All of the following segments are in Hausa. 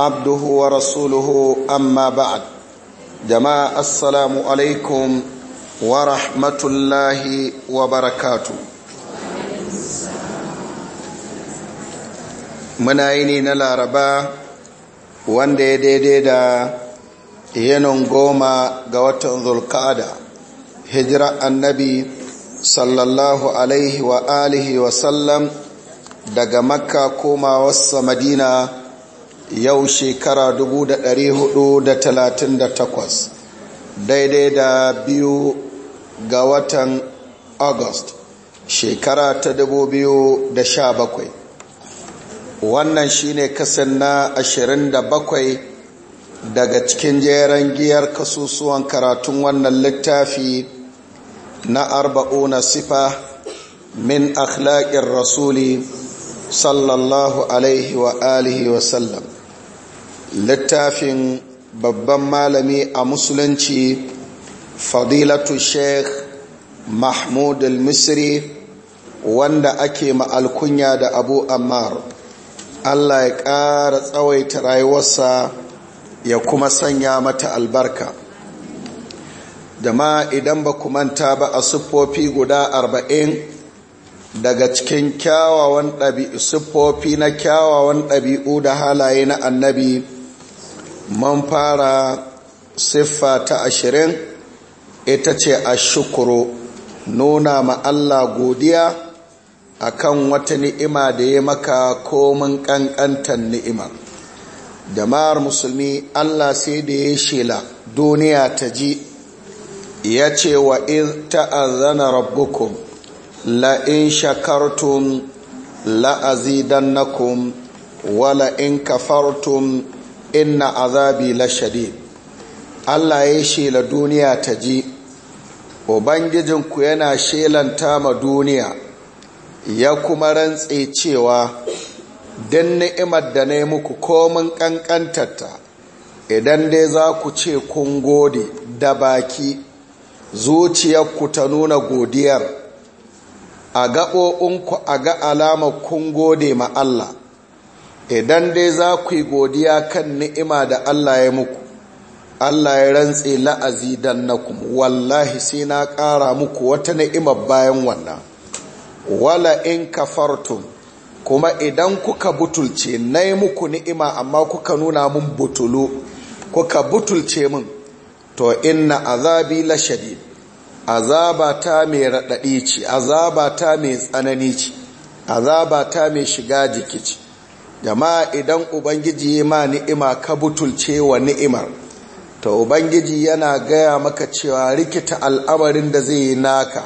عبده ورسوله أما بعد جماعة السلام عليكم ورحمة الله وبركاته منايني نلاربا وان دي دي دي دا ينون قوما قوات ذو القادة هجرة النبي sallallahu alaihi wa alihi wa sallam daga makka komawarsa madina yau shekara 438 daidai da biyu ga watan august shekara ta 2017 wannan shine kasan na 27 daga cikin jeren giyar kasusuwan karatun wannan littafi na arba'una sifa min akhlaƙin rasuli sallallahu alaihi wa alihi wa sallam littafin babban malami a musulunci fadilatu sheikh mahmud al-misri wanda ake ma'alkunya da abu ammar allah ya ƙara tsawaita rayuwarsa ya kuma sanya mata albarka ma idan ba ku manta ba a siffofi guda arba'in daga cikin kyawawan ɗabi'u siffofi na kyawawan ɗabi'u da halaye na annabi man fara siffa ta ashirin ita ce a shukuru nuna ma Allah godiya kan wata ni'ima da ya maka komin ƙanƙantar ni'imar jama'ar musulmi Allah sai da ya shela duniya ta ji ya ce wa in ta'azana rabbukum la'in shakartum la'azidannakum wala in kafartun. inna azabi lashadid Allah ya shela duniya ta ji ku yana shelanta ma duniya ya kuma rantse cewa Din ni'imar da na yi muku komin kankantarta idan dai za ku ce kun gode da baki zuciyarku ta nuna godiyar a gaɓoɓinku a ga alamar kun gode ma Allah idan dai za ku yi godiya kan ni'ima da Allah ya muku Allah ya rantse la'azi dan nakum wallahi sai na ƙara muku wata ni'ima bayan wannan wala in kafartum kuma idan kuka butulce na muku ni'ima amma kuka nuna mun butulu kuka butulce mun to inna azabi la shadid azabata mai raɗaɗi ce azabata mai tsanani ce azabata mai shiga jiki ce jama'a idan ubangiji ma ni'ima ka butulce wa ni'imar ta ubangiji yana gaya maka cewa rikita al'amarin da zai yi naka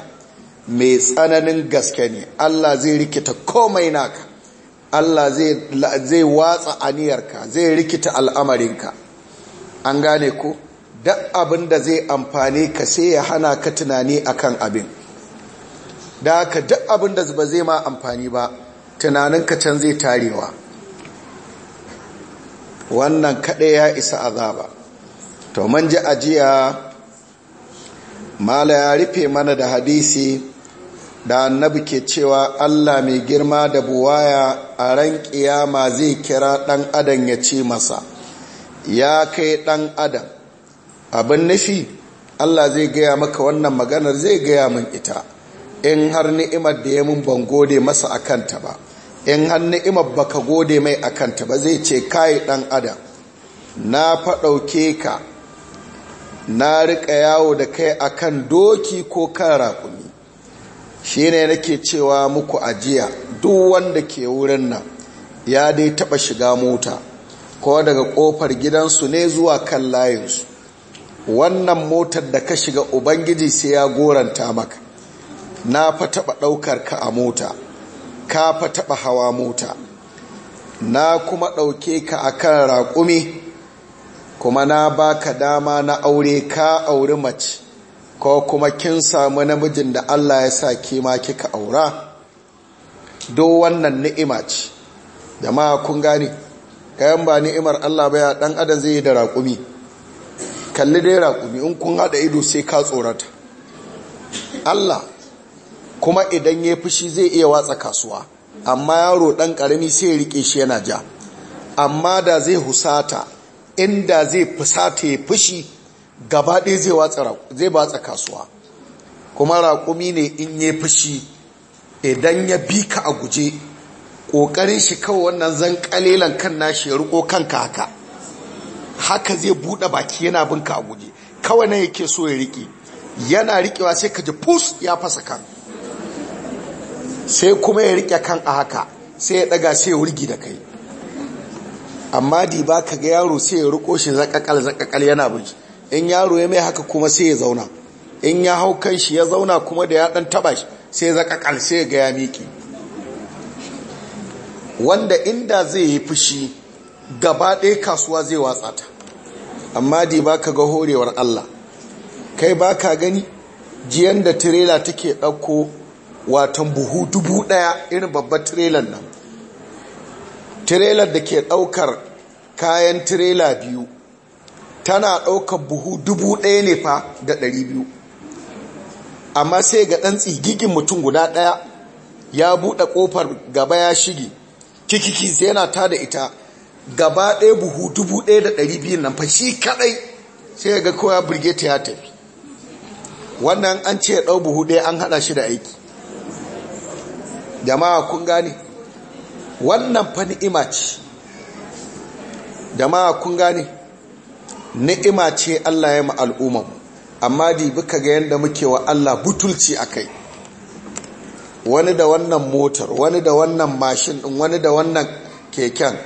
mai tsananin gaske ne allah zai rikita komai naka allah zai watsa aniyarka zai rikita al'amarinka an gane ku duk abin da zai amfani ka sai ya hana ka tunani akan abin da aka duk abin da zai ma amfani ba tunaninka can zai tarewa wannan kaɗai ya isa azaba to man ji ajiya mala ya rufe mana da hadisi da annabi ke cewa allah mai girma da buwaya a ran kiyama zai kira ɗan adam ya ce masa ya kai ɗan adam abin nufi allah zai gaya maka wannan maganar zai gaya min ita in har ni'imar da ya mun ban gode masa a kanta ba in an ni'imar baka gode mai akanta ba zai ce kai dan adam na faɗauke ka na rika yawo da kai a kan doki ko kan raƙumi shi ne nake cewa muku ajiya duk wanda ke wurin nan ya dai taɓa shiga mota ko daga ƙofar gidansu ne zuwa kan layinsu wannan motar da ka shiga ubangiji sai ya goranta maka na fa taɓa ɗaukar ka a mota ka fa taɓa hawa mota na kuma ɗauke ka a kan raƙumi kuma na baka dama na aure ka auri mace ko kuma kin samu namijin da Allah ya sa kima kika aura do wannan ni'ima ce jama'a kun gane kayan ba ni'imar Allah ba ya dan adam zai yi da raƙumi kalli dai raƙumi in kun hada ido sai ka tsorata Allah kuma idan ya fushi zai iya watsa kasuwa amma yaro ɗan ƙarami sai ya riƙe shi yana ja amma da zai husata inda zai fusata ya fushi gaba zai watsa kasuwa kuma raƙumi ne in ya fushi idan ya bi ka a guje ƙoƙarin shi kawai wannan zan ƙalilan kan nashi ya riko kanka haka haka zai buɗe baki yana bin ka a guje kawai na yake so ya riƙe yana riƙewa sai ka ji fus ya fasa kan sai kuma ya rike kan a haka sai ya daga sai ya wurgi da kai amma di ba ka ga yaro sai ya riko shi zakakal zakakal yana buji in yaro ya mai haka kuma sai ya zauna in ya hau kan shi ya zauna kuma da ya dan taba shi sai zakakal sai ya ga ya miki wanda inda zai yi fushi gaba ɗaya kasuwa zai watsa ta amma di ba ka ga horewar Allah kai ba ka gani jiyan da tirela take ɗauko watan buhu dubu daya irin babban trailer nan trailer da ke daukar kayan trailer biyu tana daukar buhu dubu daya ne fa da dari biyu amma sai ga dan tsigigin mutum guda daya ya buɗe kofar gaba ya shige kikiki sai yana ta da ita gaba ɗaya buhu dubu ɗaya da ɗari biyu nan fa shi kaɗai sai ga kowa burgeta ya tafi wannan an ce ɗau buhu ɗaya an haɗa shi da aiki jama'a kun gane wannan fa ni'ima ce jama'a kun gane ni'ima ce Allah ya ma al'umman amma di buka ga yanda muke wa Allah butulci akai wani da wannan motar wani da wannan mashin din wani da wannan keken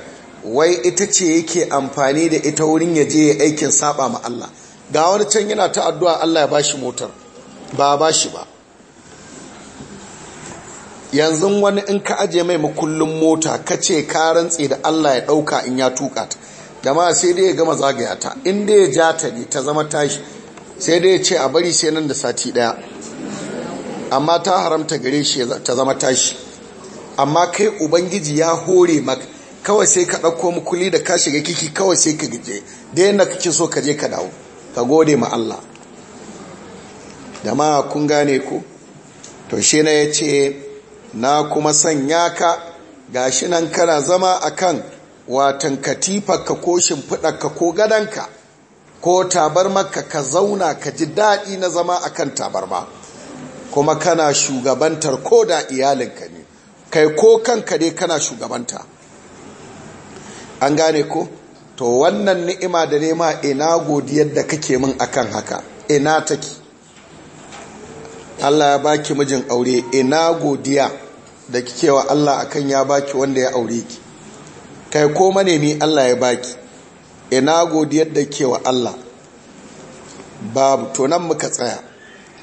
wai ita ce yake amfani da ita wurin ya je ya aikin saba ma Allah ga wani can yana ta addu'a Allah ya bashi motar ba bashi ba yanzu wani in ka aje mai makullin mota ka ce ka rantse da Allah ya ɗauka in ya tuka ta dama sai dai ya gama zagaya ta in dai ya ja ta ne ta zama tashi sai dai ya ce a bari sai nan da sati ɗaya amma ta haramta gare shi ta zama tashi amma kai ubangiji ya hore maka kawai sai ka ɗauko makulli da ka shiga kiki kawai sai ka gije da yadda kake so ka je ka dawo ka gode ma Allah jama'a kun gane ku to shi na ya ce na kuma sanya ka gashi nan kana zama akan watan katifarka ko shimfiɗarka ko gadanka ko tabarmarka ka zauna ka ji daɗi na zama akan tabarma kuma kana shugabantar ko da iyalinka ne kai ko kanka dai kana shugabanta an gane ko to wannan ni'ima da nema ina godiyar da kake min akan haka ina take Allah ya baki mijin aure ina godiya da kikewa wa Allah akan ya baki wanda ya aure ki kai ko manemi Allah ya baki ina godiyar da ke wa Allah babu to nan muka tsaya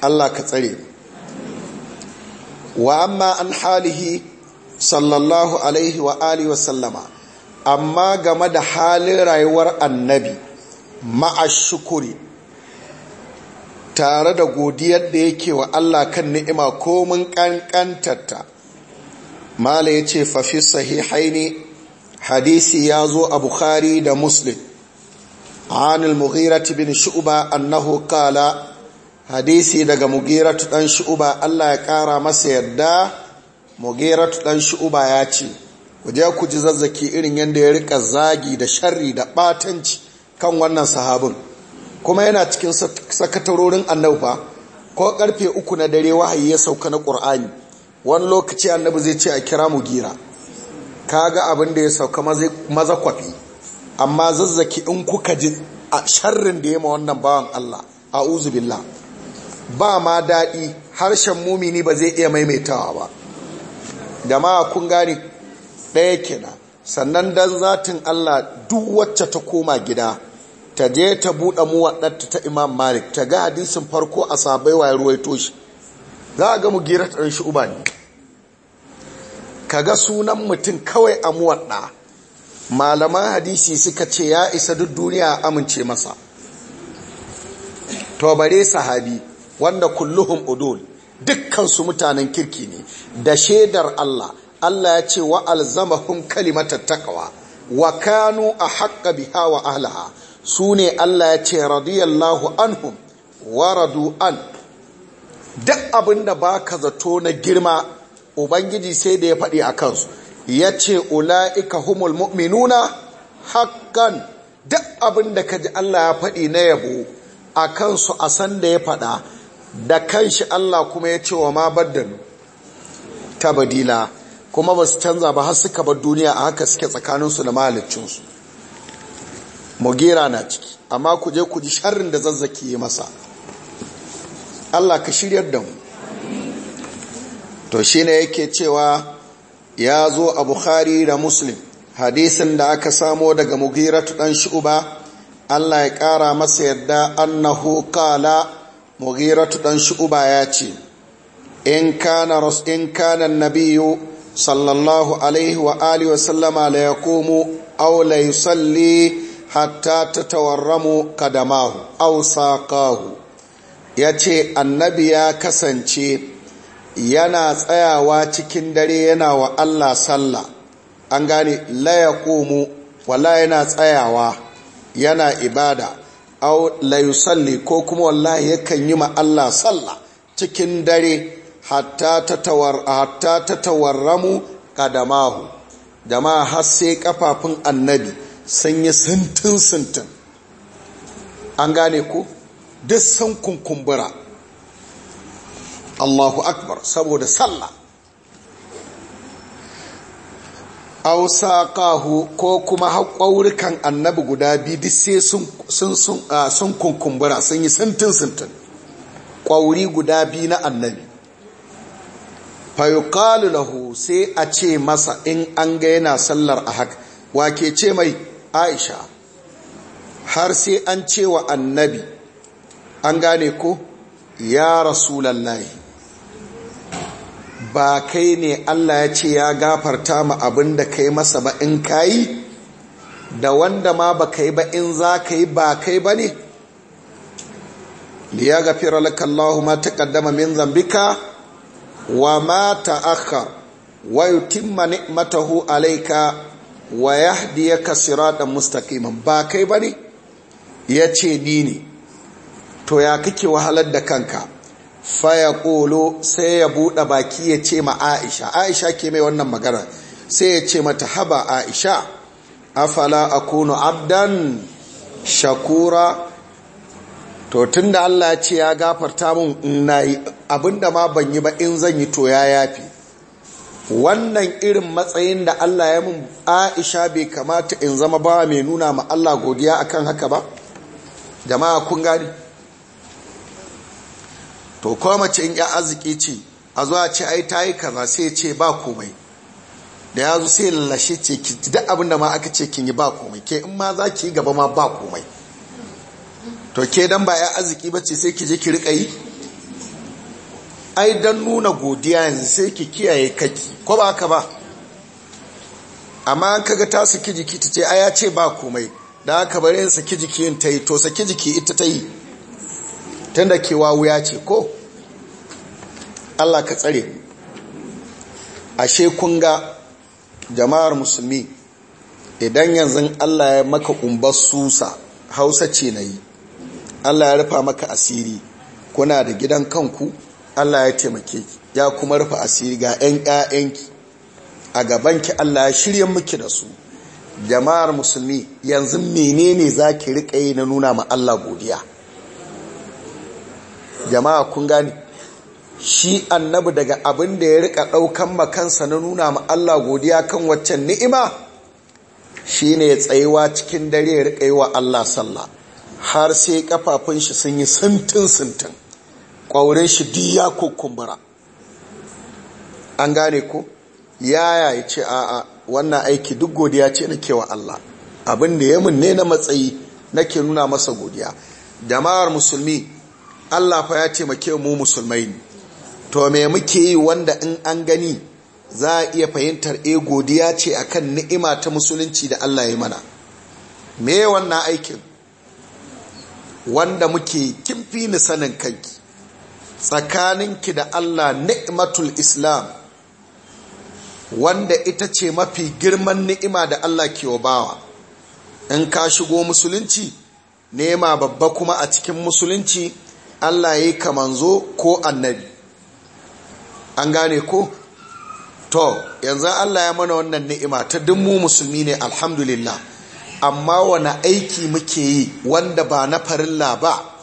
Allah ka tsare wa amma an halihi sallallahu alaihi wa alihi wa amma game da halin rayuwar annabi ma'a tare da godiyar da yake wa Allah kan ni'ima mun kankantarta mala ya ce fafi sahihaini hadisi ya zo a bukhari da muslim anil mughirati bin shu'ba annahu qala hadisi daga mugiratu dan shu'ba Allah ya kara masa yadda mugiratu dan shu'ba ya ce ku je ku ji zazzaki irin yanda ya rika zagi da sharri da batanci kan wannan sahabin kuma yana cikin sakatarorin annabba ko karfe uku na dare wahayi ya sauka na ƙur'ani wani lokaci annabi zai ce a kira mu gira Ka ga abin da ya sauka maza kwafi amma zazzaki in kuka ji a sharrin da ya ma wannan bawan Allah a uzubillah ba ma daɗi harshen mumini ba zai iya maimaitawa ba da ma kun gane ɗaya kenan sannan don zatin Allah duk wacce ta koma gida ta je ta buɗe muwaɗatta ta imam malik ta ga hadisin farko a sabai wa ruwaito shi za a ga mu gira ta shi uba ne ka ga sunan mutum kawai a muwaɗa malaman hadisi suka ce ya isa duk duniya amince masa to bare sahabi wanda kulluhum udul dukkansu mutanen kirki ne da shaidar Allah Allah ya ce wa alzamahum kalimatat takawa wa kanu ahqqa biha wa ahliha su ne Allah ya ce radiyallahu anhum wa radu an duk abin da ba ka zato na girma ubangiji sai da ya faɗi a kansu ya ce ula'ika humul mu'minuna hakan duk abin da ka ji Allah ya faɗi na yabo a kansu a san da ya faɗa da kanshi Allah kuma ya ce wa ma baddalu ta badila kuma ba su canza ba har suka bar duniya a haka suke tsakaninsu da mahaliccinsu Mugira na ciki amma ku je ku ji sharrin da zazzaki ya masa Allah ka shiryar da mu to shine yake cewa ya zo a Bukhari da Muslim hadisin da aka samo daga Mughiratu dan Shu'ba Allah ya kara masa yadda annahu qala Mughiratu dan Shu'ba ya ce in kana ras in kana annabiyyu sallallahu alaihi wa alihi wa sallama la yaqumu aw la yusalli hatta ta tawarramu kadamahu au saqahu ya ce annabi ya kasance yana tsayawa cikin dare yana wa Allah sallah an gane la komo wala yana tsayawa yana ibada au la yusalli ko kuma wallahi yakan yi ma Allah sallah cikin dare hatta ta tawarramu kadamahu jama'a har sai kafafun annabi sanya sintin-sintin an gane ku duk sankun kunkumbura allahu akbar saboda sallah ausa kahu ko kuma haƙwaurukan annabi guda biyu duk sai ah, sun kunkumbura sun yi sintin sintin ƙwauri guda biyu na annabi fayuqalu lahu sai a ce masa in an ga yana sallar a haka wake ce mai aisha har sai an ce wa annabi an gane ko ya rasulallahi ba kai ne allah ya ce ya gafarta ma abin da kai masa ba in kayi da wanda ma ba kai ba in za ka yi ba kai ba ne liya gafira lakallahu ma taqaddama min zambika wa ma aka wa yutimma ni'matahu alaika. wa ya kasira siratan mustaqiman ba kai bane yace ni ne to ya kake wahalar da kanka faya ƙolo sai ya buɗe baki ya ce ma aisha aisha ke mai wannan magana sai ya ce mata haba aisha afala akunu abdan shakura to tun da Allah ce ya gafarta mun nayi abinda ma ban yi ba in zan yi to ya yafi wannan irin matsayin da Allah ya mun Aisha bai kamata in zama ba mai nuna ma Allah godiya akan haka ba jama'a kun gani to ko mace in ya arziki ce a zuwa ce ai ta yi kaza sai ce ba komai da ya zo sai lallashe ce ki duk abinda ma aka ce kin yi ba komai ke in ma za gaba ma ba komai to ke dan ba ya arziki ba ce sai ki je ki rika yi ai don nuna godiya yanzu sai ki kiyaye kaki ko ba ka ba amma an kaga ta saki jiki ta ce ya ce ba komai da aka bari yin saki jiki yin ta yi to saki jiki ita ta yi tun da kewa wuya ce ko allah ka tsare ashe kun ga jama'ar musulmi idan yanzu allah ya maka umbar susa hausa ce na yi allah ya rufa maka asiri kuna da gidan kanku Allah ya taimake ki ya kuma rufe asiri ga 'yan 'ya'yanki a gabanki Allah ya shirya miki da su jama'ar musulmi yanzu menene zaki ki riƙa yi na nuna ma Allah godiya jama'a kun gani shi annabi daga abin da ya rika ɗaukan makansa na nuna ma Allah godiya kan waccan ni'ima shi ne tsayewa cikin dare ya riƙa yi wa Allah sallah har sai kafafun shi sun yi sintin sintin ƙwaure shi diya ko kumbura an gane ku yaya ya ce a'a wannan aiki duk godiya ce na kewa Allah abin da ya ne na matsayi nake nuna masa godiya jama'ar musulmi Allah fa ya taimake mu musulmai ne to me muke yi wanda in an gani za a iya fahimtar e godiya ce akan ni'ima ta musulunci da Allah ya mana me wannan aikin wanda muke kimfi ni sanin kanki tsakaninki da Allah ni'matul islam wanda ita ce mafi girman ni'ima da Allah ke bawa in ka shigo musulunci nema babba kuma a cikin musulunci Allah ya yi kamanzo ko annabi an gane ko to yanzu Allah ya mana wannan ni'ima ta mu musulmi ne alhamdulillah amma wani aiki muke yi wanda ba na farilla ba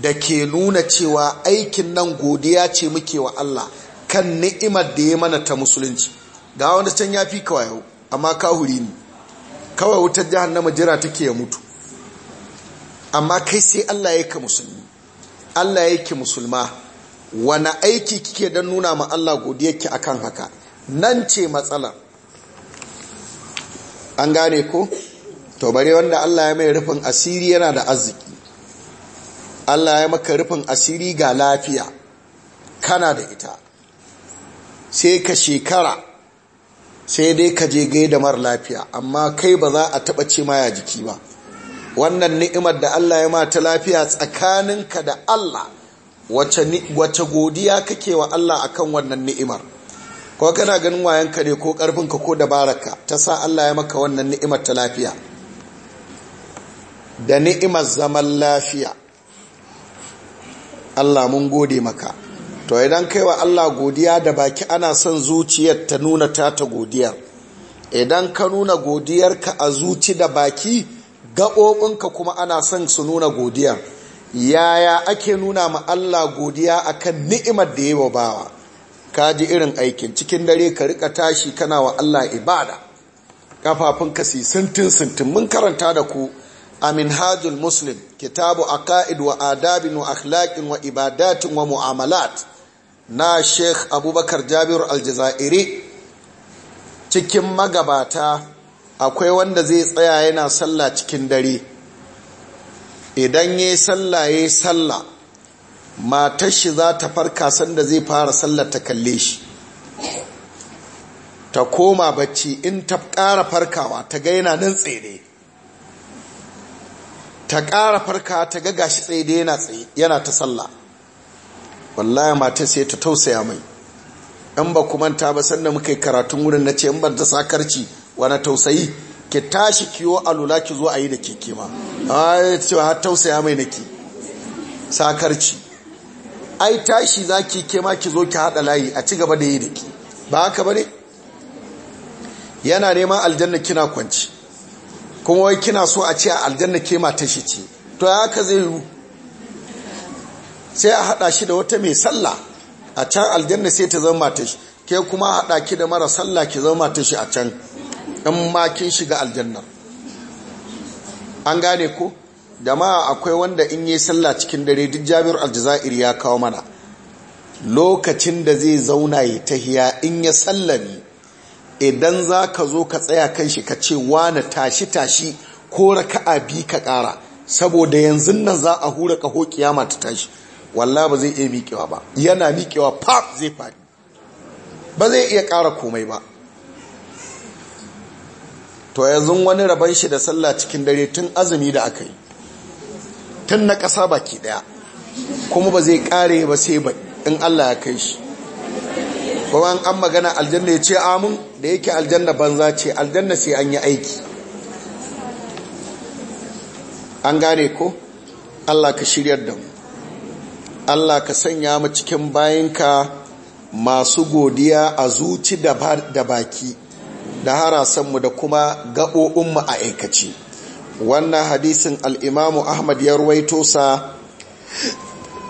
da ke nuna cewa aikin nan godiya ce muke wa Allah kan ni'imar da ya mana ta musulunci ga wanda can ya fi kawai yau amma kahuri ne kawai wutar jahannama jira take ya mutu amma kai sai Allah ya ka musulmi Allah ya ki musulma wani aiki kike don nuna ma Allah godiyarki kan haka nan ce matsalar an gane ko to wanda Allah ya mai rufin asiri yana da arziki Allah ya maka rufin asiri ga lafiya kana da ita sai ka shekara sai dai ka je gai da mara lafiya amma kai ba za a taɓa ce ma jiki ba wannan ni'imar da Allah ya mata lafiya tsakaninka da Allah wace godiya kake wa Allah akan wannan ni'imar ko kana ganin wayanka ne ko karfinka ko dabararka ta sa Allah ya maka wannan ni'imar ta lafiya da ni'imar zaman lafiya Allah mun gode maka to idan kai wa Allah godiya da baki ana son zuciyar ta nuna ta ta godiyar idan ka nuna godiyar ka a zuci da baki gaɓoɓinka kuma ana son su nuna godiyar yaya ake nuna ma Allah godiya akan ni'imar da yi wa bawa ka ji irin aikin cikin dare ka rika tashi kana wa Allah ibada kafafunka kasi sintin sintin mun karanta da ku a Hajul muslim kitabu aqaid wa adabin wa akhlaqin wa ibadatin wa mu'amalat na sheikh abubakar jabir aljazairi cikin magabata akwai wanda zai tsaya yana sallah cikin dare idan ya yi sallah ya yi sallah matar shi za ta farka sanda zai fara sallar ta kalle shi ta koma bacci in ta ƙara farkawa ta gaina nan tsere ta ƙara farka ta ga gashi tsaye da yana tsaye yana ta sallah wallahi matar sai ta tausaya mai in ba kuma ta ba sannan muka yi karatun wurin na ce in ban ta sakarci wani tausayi ki tashi kiwo lula ki zo a yi da keke ma ai tausaya mai nake sakarci ai tashi za ki ke ma ki zo ki haɗa layi a ci gaba da yi da ki ba haka ba ne yana neman aljanna kina kwanci kuma wai kina so a ce a aljanna ke mata shi ce to ya haka zai yi sai a haɗa shi da wata mai sallah a can aljanna sai ta zama mata shi ke kuma haɗa ki da mara sallah ki zama mata shi a can in ma kin shiga aljanna an gane ko jama'a akwai wanda in yi sallah cikin dare duk jami'ar aljazairi ya kawo mana lokacin da zai zauna ya tahiya in ya sallami idan za ka zo ka tsaya kan shi ka ce wane tashi tashi ko a bi ka ƙara saboda yanzu nan za a hura ƙaho kiyama ta tashi walla ba zai iya miƙewa ba yana miƙewa pap zai faɗi ba zai iya ƙara komai ba to yanzu wani rabon shi da sallah cikin dare tun azumi da aka yi tun na ƙasa baki ɗaya kuma ba zai ƙare ba sai ba in Allah ya kai shi kuma an magana aljanna ya ce amin da yake aljanna banza ce aljanna sai an yi aiki an gane ko Allah ka shiryar da mu Allah ka sanya mu cikin bayinka masu godiya a zuci da baki da harasan mu da kuma gaɓoɓinmu a aikaci wannan hadisin al'imamu ahmad ya ruwaito sa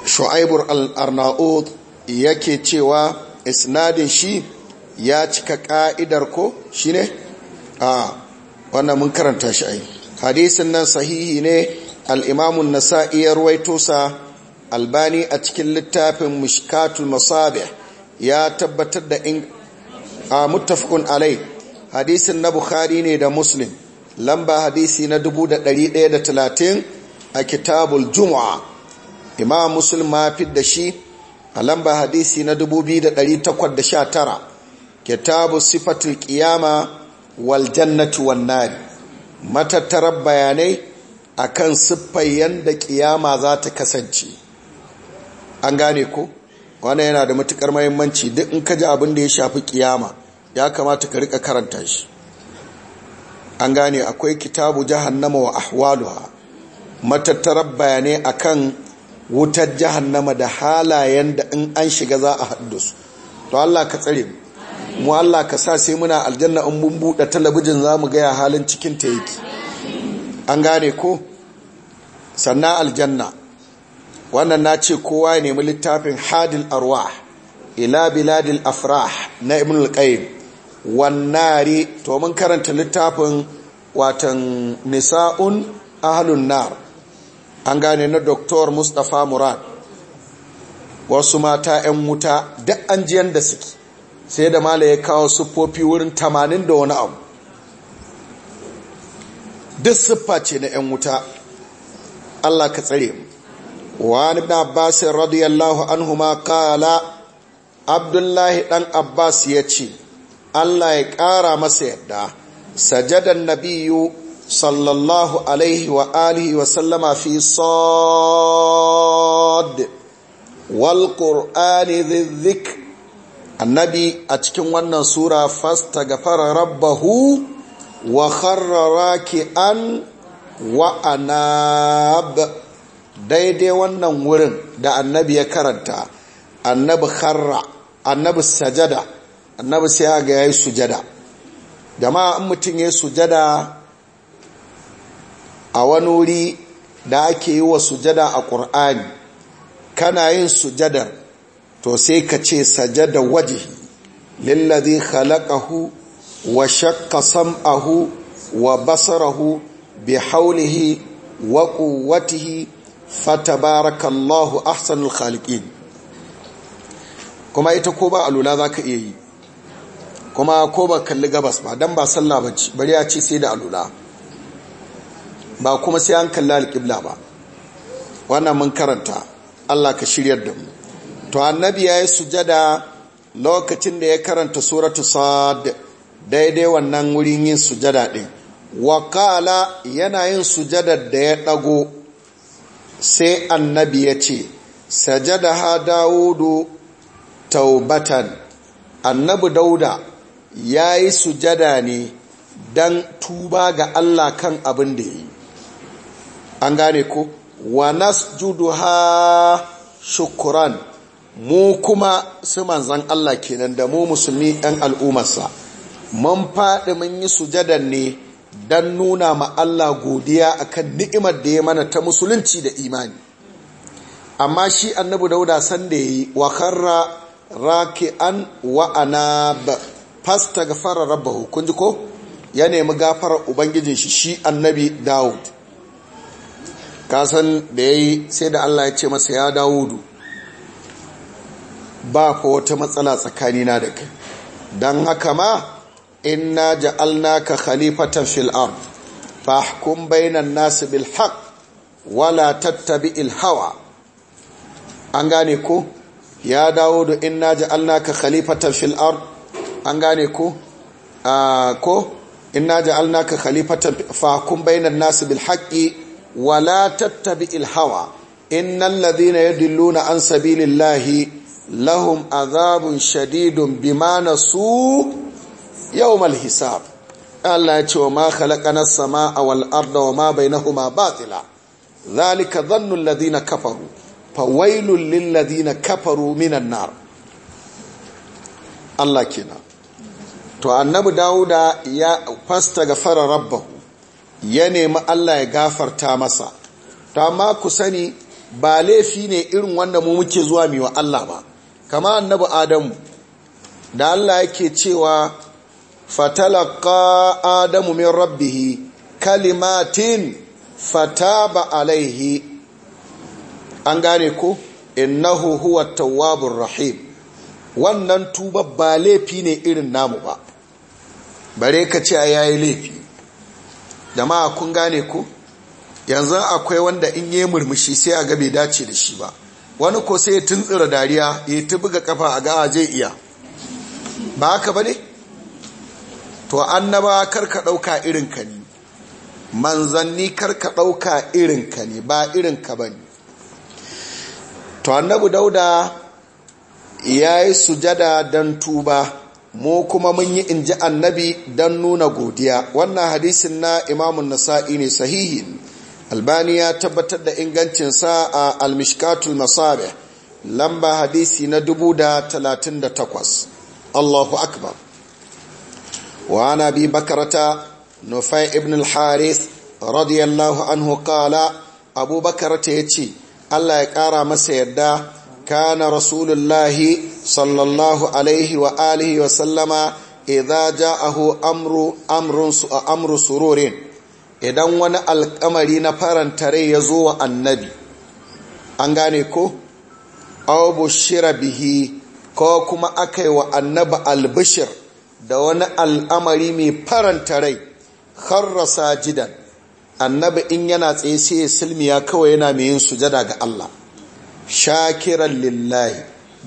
shu'aibur al'arna'ud yake cewa isnadin shi ya cika ka'idar ko shi ne a wannan mun karanta shi ai hadisin nan sahihi ne al imamun an-Nasa'i Albani a cikin littafin Mishkatul Masabih ya tabbatar da in a muttafaqun alai hadisin na Bukhari ne da Muslim lamba hadisi na 1130 a kitabul Jumu'a Imam Muslim ma fi da shi a lamba hadisi na 2819 kitabu sifatul qiyama wal jannatu wan nar matattarar bayanai akan siffar yanda kiyama za ta kasance an gane ko wannan yana da matukar muhimmanci duk in ka ji abin da ya shafi kiyama ya kamata ka rika karanta shi an gane akwai kitabu jahannama wa ahwaluha matattarar bayanai akan wutar jahannama da halayen da in an shiga za a haddasu to Allah ka tsare mu mu Allah ka sa sai muna aljanna in mun buɗe talabijin za mu gaya halin cikin ta yake an gane ko sannan aljanna wannan na ce kowa ya nemi littafin hadil arwa ila biladil afrah na ibn al-qayyim wannari to mun karanta littafin watan nisa'un ahlun nar an gane na doktor mustafa murad wasu mata 'yan wuta duk an ji suke sai da mala ya kawo siffofi wurin tamanin da wani abu duk siffa ce na 'yan wuta Allah ka tsare wani ibn abbas radiyallahu anhuma kala abdullahi dan abbas ya ce Allah ya ƙara masa yadda sajadan nabiyu sallallahu alaihi wa alihi wa sallama fi sad wal qur'ani dhikr annabi a cikin wannan sura fasta gafara rabbahu wa kharrara an wa anab daidai wannan wurin da annabi ya karanta annabi kharra annabi sajada annabi sai ga yayi sujada jama'a in mutum ya sujada a wani wuri da ake yi wa sujada a ƙur'ani kana yin sujadar to sai ka ce sajada waje lillazi khalaqahu wa shakka sam'ahu wa basarahu bi haulihi wa quwwatihi fatabarakallahu ahsanul khaliqin kuma ita ko ba alula zaka iya yi kuma ko ba kalli gabas ba dan ba sallah bace bari ya ce sai da alula ba kuma sai an kalli alqibla ba wannan mun karanta Allah ka shiryar da mu to annabi ya yi sujada lokacin da ya karanta suratu sad daidai wannan wurin yin sujada ɗin wakala yana yin sujadar da ya ɗago sai annabi ya ce sajada ha dawudu taubatan annabi dauda ya yi sujada ne don tuba ga allah kan abin da yi an gane ko wa judu ha shukuran mu kuma su manzan Allah kenan da mu musulmi ɗan al'ummarsa mun faɗi mun yi sujadar ne don nuna ma Allah godiya akan ni'imar da ya mana ta musulunci da imani amma shi annabi dauda san da yi wa an wa’ana ba, fasta ga fara rabba ji ko ya nemi gafarar ubangijin shi shi annabi Dawud. kasan da ya yi sai da Allah ya ce masa ya Dawudu. ba fa wata matsala tsakanina da kai don haka ma inna ja'alnaka khalifatan fil ard fahkum bainan bil haqq wala tattabi'il hawa an gane ku ya dawo da khalifatan fil ard an gane ko ko khalifatan fahkum bainan bil wala hawa innal yadilluna an sabilillahi lahum azabun shadidun bima su yau hisab Allah ya ce wa ma na sama a wal wa ma bai ba tila, zalika dhannu alladhina kafaru fawailul ladina kafaru minan nar Allah ke na to annabu dawuda ya fasta gafara rabbahu ya nemi Allah ya gafarta masa ta amma ku sani ba laifi ne irin wanda mu muke zuwa wa Allah ba kama annabi adamu da Allah yake cewa fatalaqa adamu min rabbihi kalimatin fataba alaihi an gane ko innahu huwa tawwabur rahim wannan tuba ba laifi ne irin namu ba bare ka ce yayi laifi jama'a kun gane ko yanzu akwai wanda in yi murmushi sai a ga bai dace da shi ba wani ko sai ya tuntsura dariya ya ta buga kafa a gawa zai iya ba haka ba ne to annaba karka ɗauka irinka ne manzanni karka ɗauka irinka ne ba irinka ba ne to annabu dauda ya yi sujada don tuba mu kuma mun yi in ji annabi don nuna godiya wannan hadisin na imamun nasa'i ne sahihin albani ya tabbatar da ingancin sa a almishkatul masabih lamba hadisi na 1038 Allahu akbar wa ana bi bakarata nufai ibn al-haris radiyallahu anhu qala abu bakarata yace Allah ya kara masa yadda kana rasulullahi sallallahu alaihi wa alihi wa sallama idza ja'ahu amru amrun su'a sururin idan wani alkamari na faranta rai ya zo wa annabi an gane ko aw bushira bihi ko kuma aka yi wa annabi albishir da wani al'amari mai faranta rai kharra jidan annabi in yana tsaye sai ya silmiya kawai yana mai yin sujada ga Allah shakiran lillahi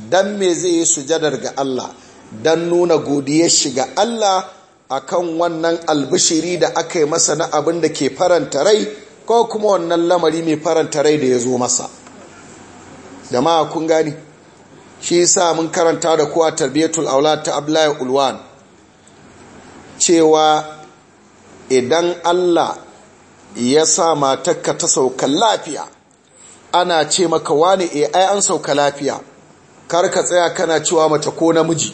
dan me zai yi sujadar ga Allah dan nuna godiyar shi ga Allah akan wannan albishiri da aka yi masa na abin da ke faranta rai ko kuma wannan lamari mai faranta rai da ya zo masa Da ma kun gani shi sa mun karanta da kuwa tarbiyatul aula ta ablaya ulwan cewa idan allah ya sa matakka ta sauka lafiya ana ce maka wani eh, ai an sauka lafiya kar ka tsaya kana cewa mata ko namiji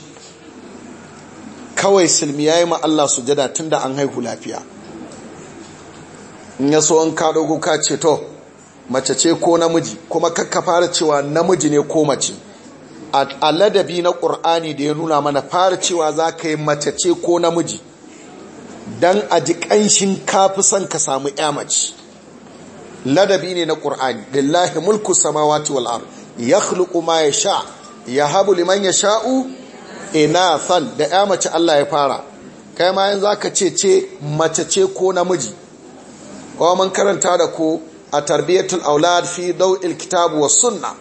kawai silmi ya yi ma Allah sujada tun da an haihu lafiya in yaso an ka dogo ce to mace ce ko namiji kuma kakka fara cewa namiji ne ko mace a ladabi na ƙur'ani da ya nuna mana fara cewa za ka yi mace ce ko namiji don a ji ƙanshin kafi son ka samu mace ladabi ne na ƙur'ani lillahi mulku samawati wal ard ya ma yasha habu liman ya sha'u inathan da ya mace Allah ya fara kai ma yanzu zaka ce ce mace ce ko namiji ko mun karanta da ku a tarbiyatul aulad fi daw'il kitab was sunna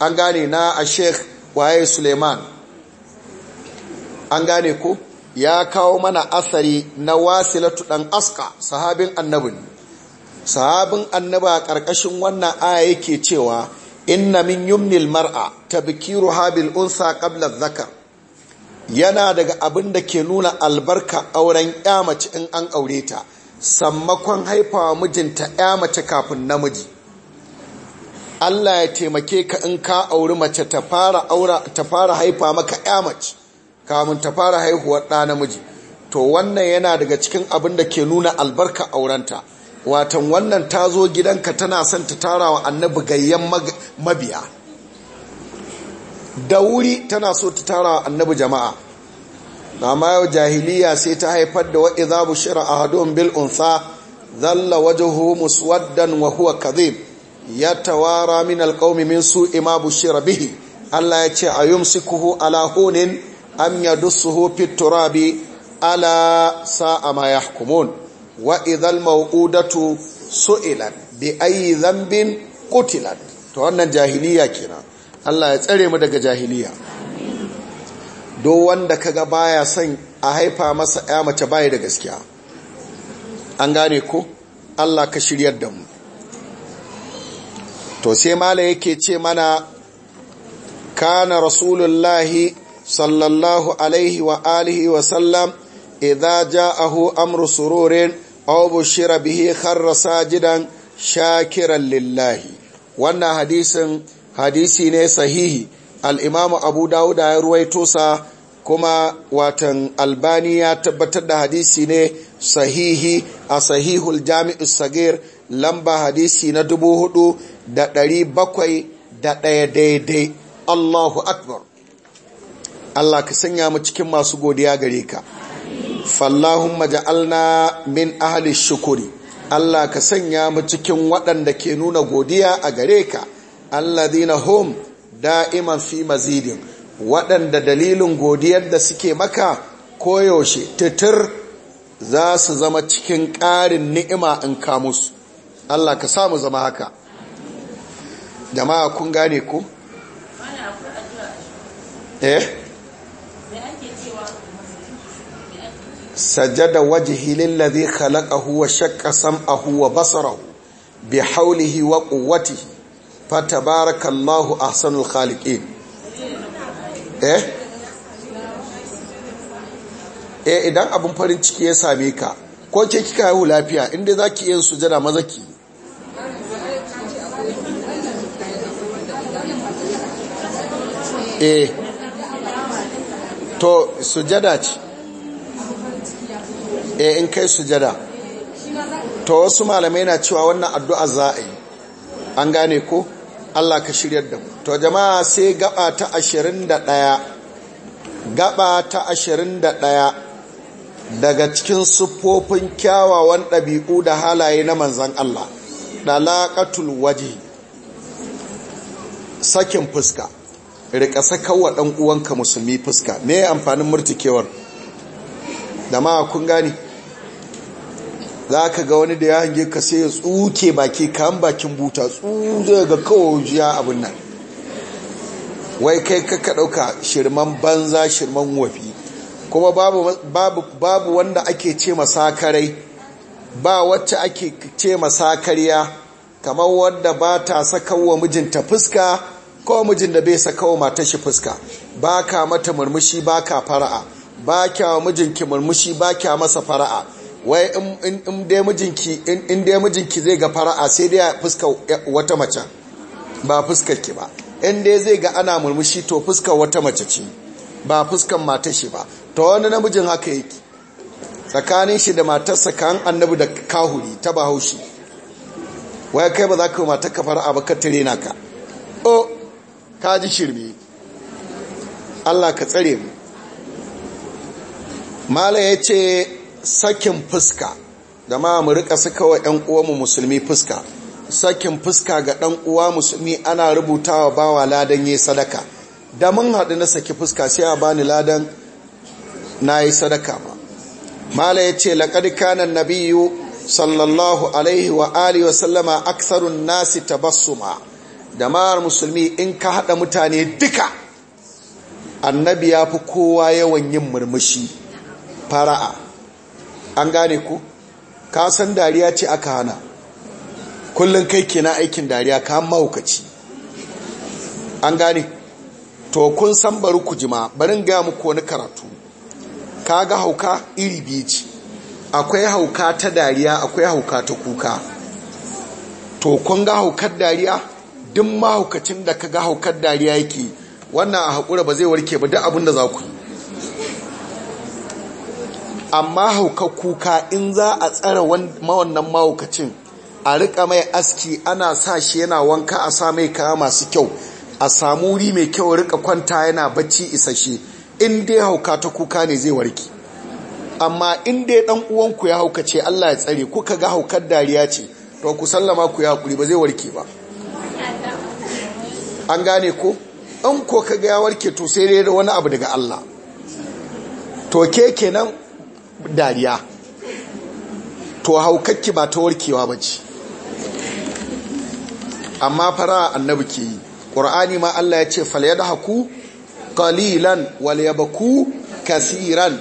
an gane na a sheikh waye suleiman an gane ku. ya kawo mana asari na wasilatu dan aska sahabin annabi sahabin annaba a ƙarƙashin wannan aya yake cewa inna min yumnil mar'a tabkiruha bil unsa qabla dhakar yana daga abin da ke nuna albarka auren ya mace in an aure ta sammakon haifawa mijinta ya mace kafin namiji Allah ya taimake ka in ka auri mace ta fara ta fara haifa maka ya mace kamun ta fara haihuwar ɗa namiji to wannan yana daga cikin abin da ke nuna albarka aurenta watan wannan ta zo gidanka tana son ta tara wa annabi gayyan mabiya da wuri tana so ta tara annabi jama'a na mayo jahiliya sai ta haifar da shira a ahadun bil unsa zalla homo muswaddan wa huwa ya tawara min alqaumi min ima bushira bihi Allah ya ce a kuhu ala hunin am yadussuhu fit turabi ala sa'a ma ya wa idhal maw'udatu suilan bi ayyi zambin kutilan ta wannan jahiliya kenan Allah ya tsare mu daga jahiliya do wanda kaga baya son a haifa masa ya mace baya da gaskiya an gane ko Allah ka shiryar da mu to sai mala yake ce mana kana rasulullahi sallallahu alaihi wa alihi wa sallam idza ja'ahu amru sururin aw bushira bihi kharra sajidan shakiran lillahi wannan hadisin hadisi ne sahihi al'imamu abu dawuda ya ruwaito sa kuma watan albani ya tabbatar da hadisi ne sahihi a sahihul jami'us sagir lamba hadisi na dubu hudu da ɗari bakwai da ɗaya daidai allahu akbar allah ka sanya mu cikin masu godiya gare ka fallahumma maja'alna min ahli shukuri Allah ka sanya mu cikin waɗanda ke nuna godiya a gare ka alladhina hum da'iman fi mazidin waɗanda dalilin godiyar da suke maka koyaushe titir za su zama cikin ƙarin ni'ima in ka musu Allah ka samu zama haka jama'a kun gane ku? eh sajada wajhi lillazi khalaqahu wa shaqqa sam'ahu wa basarahu bi hawlihi wa quwwatihi fatabarakallahu ahsanul khaliqin eh eh idan abin farin ciki ya same ka ko ke kika yi lafiya inda zaki yin sujada mazaki eh to sujada ce eh in kai sujada to wasu malamai na cewa wannan addu'a za'a yi an gane ko Allah ka shiryar da mu to jama'a sai gaba ta 21 gaba ta 21 daga cikin siffofin kyawawan ɗabi'u da halaye na manzan Allah dalaqatul waje sakin fuska rika sakawa dan uwanka musulmi fuska me amfanin murtikewar jama'a kun gane za ka ga wani da ya hange ka sai ya tsuke baki kan bakin buta tsuke ga kawai jiya abin nan wai kai kaka ɗauka shirman banza shirman wafi kuma babu, babu, babu wanda ake ce masakarai ba wacce ake ce masakariya kamar wadda ba ta sakawa mijinta fuska ko mijin da bai sakawa matar shi fuska ba ka mata murmushi ba ka fara'a ba kya mijinki murmushi ba kya masa fara'a wai in dai mijinki in dai mijinki zai ga fara'a sai dai fuska eh, wata mace ba fuskar ki ba in dai zai ga ana murmushi to fuskar wata mace ce ba fuskar matar shi ba to wani namijin haka yake tsakanin shi da matarsa kan annabi da kahuri ta bahaushe wai kai ba za ka matar ka fara'a ba ka tare naka o ka ji shirme Allah ka tsare mu mala ya ce sakin fuska da ma mu rika saka wa ɗan mu musulmi fuska sakin fuska ga ɗan uwa musulmi ana rubuta wa bawa ladan yi sadaka da mun haɗu na saki fuska sai a bani ladan na yi sadaka ba mala yace laqad na Nabiyu sallallahu alaihi wa alihi sallama nasi tabassuma jama'ar musulmi in ka haɗa mutane duka annabi ya fi kowa yawan yin murmushi fara'a an gane ku ka san dariya ce aka hana kullum kai na aikin dariya ka mahaukaci an gane to kun san bari ku jima barin ga muku wani karatu ka ga hauka iri biyu ce akwai hauka ta dariya akwai hauka ta kuka to kun ga haukar dariya duk mahaukacin da ka ga haukar dariya yake wannan a haƙura ba zai warke ba duk abin da za ku yi amma hauka kuka in za a tsara mawannan mahaukacin a rika mai aski ana sa shi yana wanka a sa mai kaya masu kyau a samu wuri mai kyau rika kwanta yana bacci isashe in dai hauka ta kuka ne zai warki amma in dai dan uwanku ya haukace Allah ya tsare kuka ga haukar dariya ce to ku sallama ku ya hakuri ba zai warke ba an gane ko an ko kaga ya warke to sai dai da wani abu daga Allah to ke kenan dariya to haukakki ba ta warkewa ba ce amma fara annabi ke yi ƙur'ani ma Allah ya ce da haku ƙalilan baku kasiran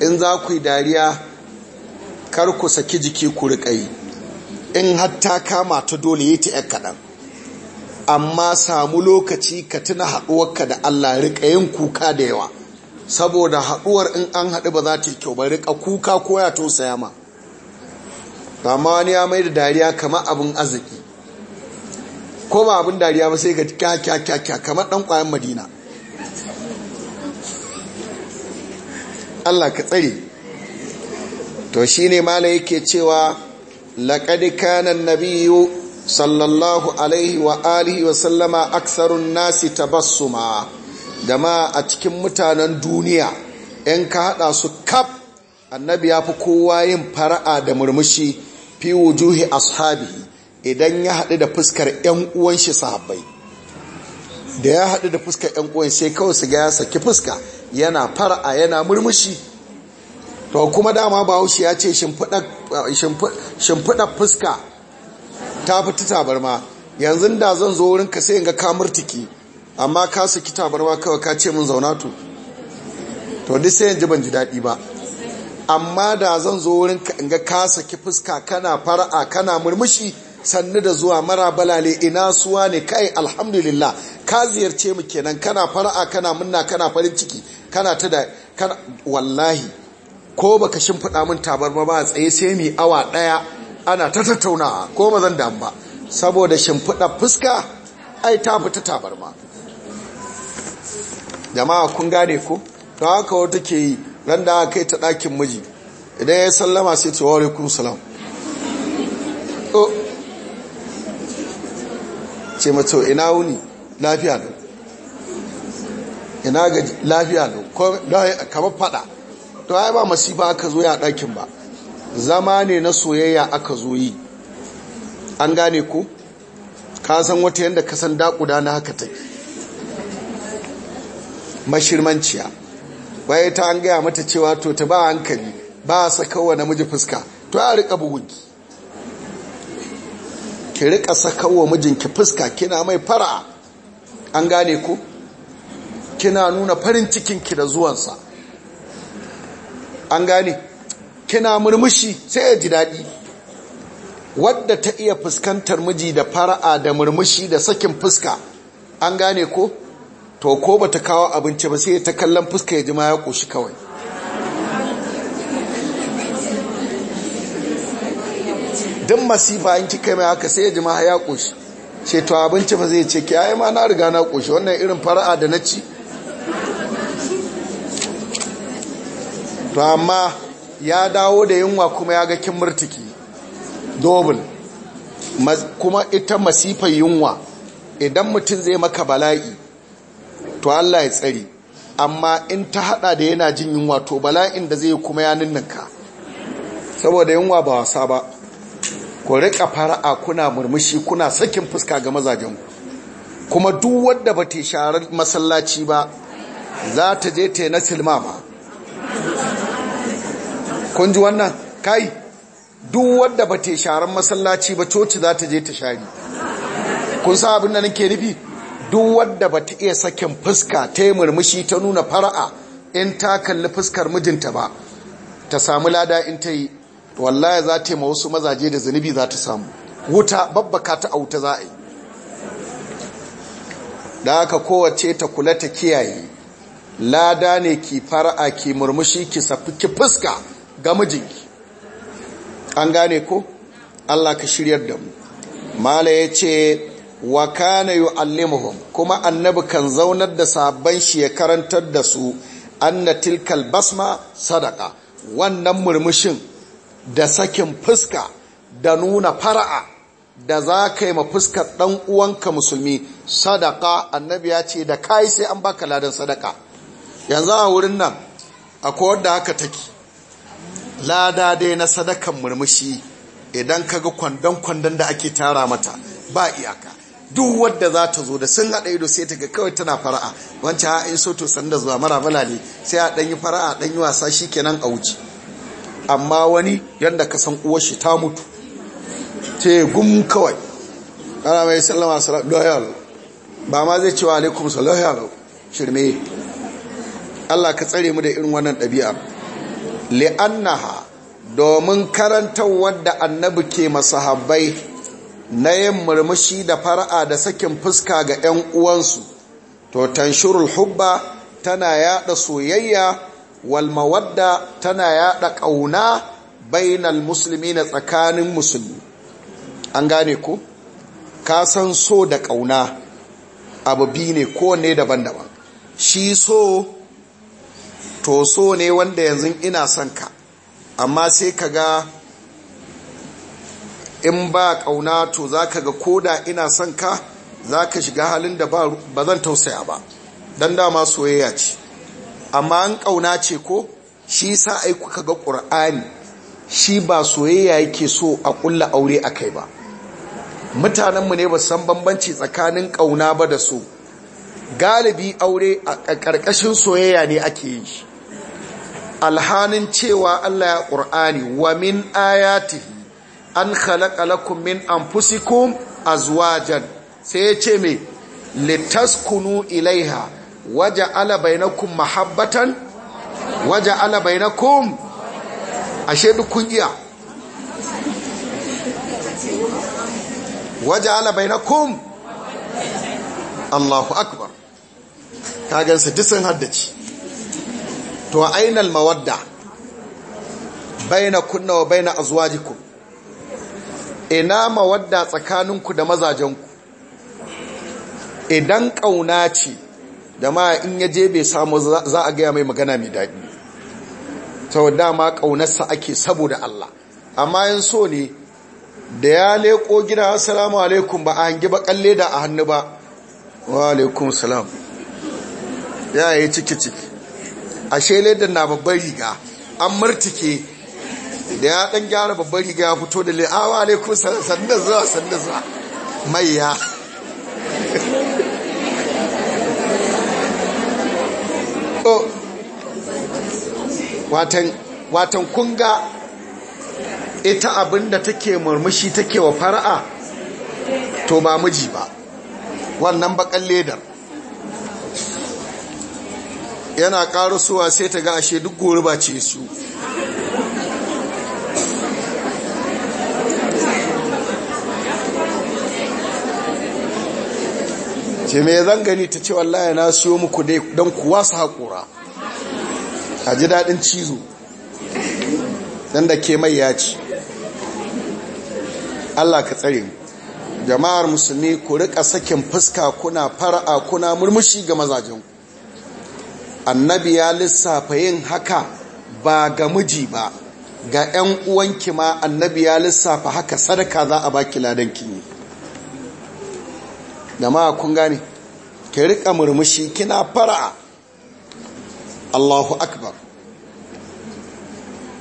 in za ku yi dariya kar ku saki jiki ku riƙai in hatta kama ta dole ya ta kaɗan amma samu lokaci ka tuna haɗuwarka da Allah riƙayin kuka da yawa saboda haɗuwar in an haɗu ba za ta yi kyau bai rika kuka ko ya tausaya ma wani ya mai da dariya kama abin arziki ko ba abin dariya ba sai ga kyakyakyakya kamar ɗan ƙwayan madina Allah ka tsare to shi ne mala yake cewa laƙadi kanan nabiyu sallallahu alaihi wa alihi wa sallama aksarun nasi tabassuma da ma a cikin mutanen duniya ‘yan ka haɗa su kaf annabi ya fi kowa yin fara'a da murmushi fi wujuhi ashabi idan ya haɗu da fuskar ‘yan uwan shi sahabbai da ya haɗu da fuskar ‘yan uwan sai kawai su ga ya saki fuska yana fara'a yana murmushi to kuma dama bahaushe ya ce shimfiɗa fuska ta fi ta tabarma yanzu da zan zo wurinka sai in ga kamurtiki amma ka saki tabarma kawai ka ce mun zauna to to duk sai yanzu ban ji daɗi ba amma da zan zo wurin ka ga ka saki fuska kana fara'a kana murmushi sannu da zuwa mara balale ina suwa ne kai alhamdulillah ka ziyarce mu kenan kana fara'a kana munna kana farin ciki kana ta da wallahi ko baka shimfiɗa min tabarma ba a tsaye sai mu awa ɗaya ana ta tattaunawa ko ba zan damu ba saboda shimfiɗa fuska ai ta fita tabarma jama'a kun gane ko don haka wata ke yi ran da kai ta ɗakin miji idan ya sallama sai ce wa kun salam ce mato ina wuni lafiya lau ina ga lafiya lau kamar fada to ai ba masifa aka zo ya ɗakin ba zama ne na soyayya aka zo yi an gane ko ka san wata yadda ka san da na haka take mashirmanciya waye ta an gaya mata cewa to ta ba hankali ba a wa namiji fuska to ya rika bugunki ki rika wa mijinki fuska kina mai fara an gane ku kina nuna farin cikinki da zuwansa an gane kina murmushi sai ya ji daɗi wadda ta iya fuskantar miji da fara'a da murmushi da sakin fuska an gane ko to ko bata kawo abinci ba sai ta kallon fuska ya jima ya ƙoshi kawai don masifa in kika mai haka sai ya jima ya koshi ce to abinci ba zai ce ki ma na riga na ƙoshi wannan irin fara'a da na ci to amma ya dawo da yunwa kuma ya ga kin murtiki dobin, kuma ita masifar yunwa idan mutum zai maka bala'i to Allah ya tsari amma in ta hada da yana jin yunwa to bala'in da zai kuma ya ninninka saboda yunwa ba wasa ba ku rika fara'a kuna murmushi kuna sakin fuska ga mazajen ku kuma duk wadda ba ta sharar masallaci ba za ta je ta na silma ba kun ji wannan kai duk wanda ba ta sharar masallaci ba coci za ta je ta shari kun sa abin da nake nufi duk wadda ba ta iya sakin fuska ta yi murmushi ta nuna fara'a in ta kalli fuskar mijinta ba ta samu lada in ta yi wallaya za ta yi ma wasu mazaje da zunubi za ta samu wuta babbaka ta auta za a yi da aka kowace ta kula ta kiyaye lada ne ki fara'a ki murmushi ki safi ki fuska ga mijinki an gane ko Allah ka shiryar da mu mala ya ce wa kana yu'allimuhum kuma annabi kan zaunar da sabon shi ya karantar da su anna tilkal basma sadaka wannan murmushin da sakin fuska da nuna fara'a da za ka yi mafuskar ɗan uwanka musulmi sadaka annabi ya ce da kai sai an baka ladan sadaka yanzu a wurin nan akwai wadda haka take lada dai na sadakan murmushi idan ka ga kwandon-kwandon da ake tara mata ba iyaka duk wadda za ta zo da sun haɗa ido sai ta ga kawai tana fara'a wancan ha'in so to sanda zuwa mara ne sai a ɗanyi fara'a ɗanyi wasa shi kenan a wuce amma wani yadda ka san uwar shi ta mutu ce gum kawai ƙara mai sallama loyal ba ma zai cewa alaikum loyal shirme Allah ka tsare mu da irin wannan ɗabi'a li'annaha domin karantar wadda annabi ke masahabbai na yin murmushi da fara'a da sakin fuska ga 'yan uwansu to tanshurul hubba tana yada soyayya wal mawadda tana yada kauna bainal musulmi na tsakanin musulmi an gane ku ka san so da kauna abu bi ne kowanne daban-daban shi so to so ne wanda yanzu ina son ka amma sai ka ga in ba ƙauna to za ka ga koda ina son ka za ka shiga halin da ba zan tausaya ba don dama soyayya ce amma an ƙauna ce ko shi sa ai kuka ga ƙur'ani shi ba soyayya yake so a ƙulla aure a kai ba mutanenmu ne ba san bambanci tsakanin ƙauna ba da so galibi aure a ƙarƙashin soyayya ne ake yi alhanin cewa allah ya ƙur'ani wa min ayatihi an khalaqa lakum min anfusikum azwajan sai ya ce me litaskunu ilaiha waja'ala bainakum mahabbatan waja'ala bainakum ashe duk kun iya waja'ala bainakum Allahu akbar ka gansu duk sun haddace to ainal mawadda bainakunna wa baina azwajikum ina wadda tsakaninku da mazajenku idan ƙauna ce da ma in ya je bai samu za a gaya mai magana mai daɗi Ta wadda ma ƙaunarsa ake saboda Allah amma yin so ne da ya leƙo gida assalamu alaikum ba a hangi ba kalle da a hannu ba wa alaikum salam ya yi ciki-ciki ashe ledar na babbar riga an martike da ya dan gyara babbar riga ya fito da la'awa ne ku sanda zuwa sanda zuwa mai ya watan kunga ita abinda take murmushi take wa fara'a to ba miji ba wannan bakan ledar yana karusuwa sai ta ga ashe duk goruba ce su ce mai zan gani ta ce wallahi na siyo muku dai don kuwa su haƙura a ji daɗin cizo don da ke mai ya ci Allah ka tsare jama'ar musulmi ku rika sakin fuska kuna fara'a kuna murmushi ga mazajen annabi ya lissafa yin haka ba ga miji ba ga 'yan uwanki ma annabi ya lissafa haka sadaka za a baki ladanki ne jama'a kun gane ki rika murmushi kina fara Allahu akbar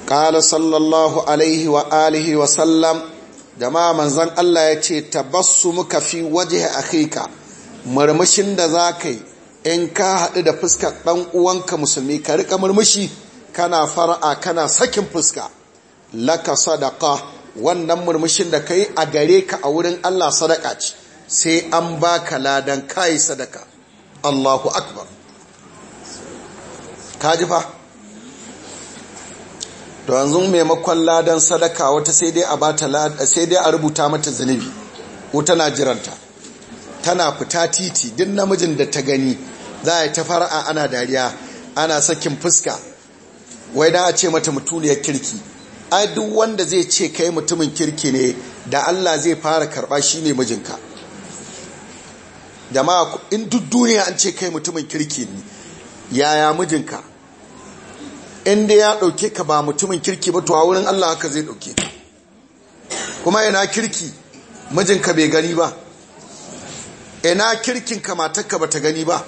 qala sallallahu alaihi wa alihi wa sallam jama'a manzon Allah yace tabassumuka fi a akhika murmushin da zakai in ka hadu da fuskar dan uwanka musulmi ka rika murmushi kana fara'a kana sakin fuska laka sadaka wannan murmushin da kai a gare ka a wurin Allah sadaka ce sai an baka ladan kayi sadaka Allahu akbar ji fa to yanzu maimakon ladan sadaka wata sai dai a bata sai dai a rubuta mata zunubi Wuta na jiranta tana fita titi duk namijin da ta gani za a ta fara'a ana dariya ana sakin fuska wai da a ce mata mutuniyar kirki ai duk wanda zai ce kai mutumin kirki ne da Allah zai fara karba ne mijinka Da ma in duk duniya an ce kai mutumin kirki ne yaya mijinka inda ya ɗauke ka ba mutumin kirki ba to a wurin Allah haka zai ɗauke kuma yana kirki mijinka bai gani ba ina kirkinka ba bata gani ba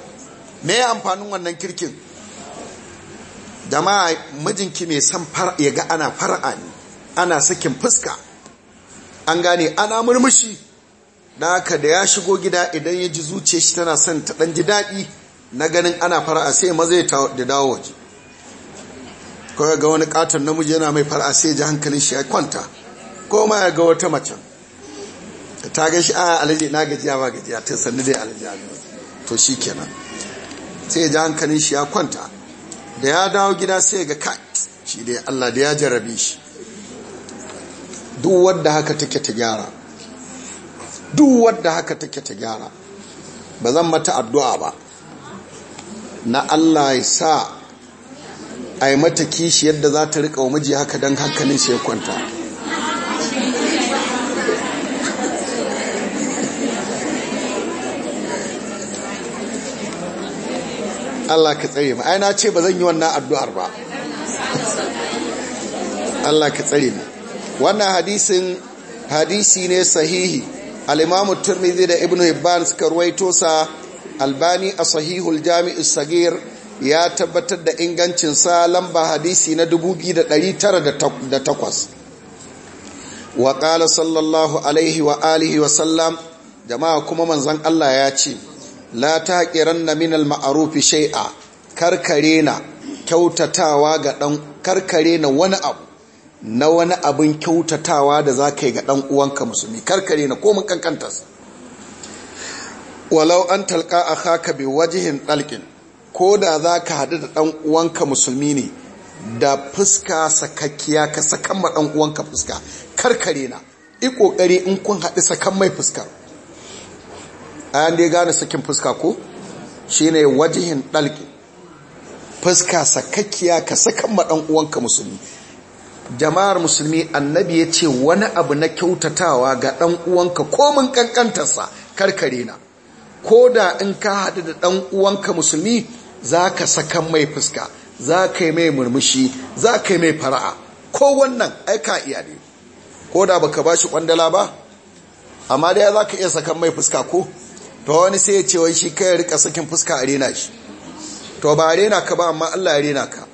me ya amfanin wannan kirkin Da ma mijinki mai san ya ga ana fara'a ne ana sakin fuska an gane ana murmushi da haka da ya shigo gida idan ya ji zuce shi tana son ta ɗan ji daɗi na ganin ana fara'a sai maza ya da dawo waje kawai ga wani katon namiji yana mai fara'a sai ji hankalin shi ya kwanta ko ma ya ga wata macen ta ga shi a alaji na gajiya ba gajiya ta sannu dai alaji to shi kenan sai ya ji hankalin shi ya kwanta da ya dawo gida sai ga kai shi dai allah da ya jarabe shi duk wadda haka take ta gyara duk wadda haka take ta gyara ba zan mata addu'a ba na Allah ya sa a yi mata kishi yadda za ta riƙa wa miji haka don hankalin shi ya kwanta Allah ka tsare mu ai na ce ba zan yi wannan addu'ar ba Allah ka tsare mu wannan hadisin hadisi ne sahihi al-imamu da ibnu hibban suka ruwaito sa albani a sahihul jami'in sagir ya tabbatar da ingancin sa lamba hadisi na 2908 wa qala sallallahu alaihi wa alihi wa sallam jama'a kuma manzon Allah ya ce la taqiranna min al-ma'ruf shay'a karkare na kyautatawa ga dan karkare na wani abu na wani abin kyautatawa da za ka yi ga ɗan uwanka musulmi karkare na komin kankantarsa walau an talka a haka bai wajihin ɗalƙin ko da za ka haɗu da ɗan uwanka musulmi ne da fuska sakakkiya ka sakan ma ɗan uwanka fuska karkare na i ƙoƙari in kun haɗu sakan mai fuskar a yan dai gane sakin fuska ko shi ne wajihin ɗalƙin fuska sakakkiya ka sakan ma ɗan uwanka musulmi jama'ar musulmi annabi ya ce wani abu na kyautatawa ga ɗan uwanka komin kankantarsa karkare na ko da in ka haɗu da ɗan uwanka musulmi za ka sakan mai fuska za ka yi mai murmushi za ka yi mai fara'a ko wannan aika iyali ko da baka ba shi kwandala ba amma dai za ka iya sakan mai fuska ko to wani sai ya ce wai shi kai rika sakin fuska a rena shi to ba a rena ka ba amma Allah ya rena ka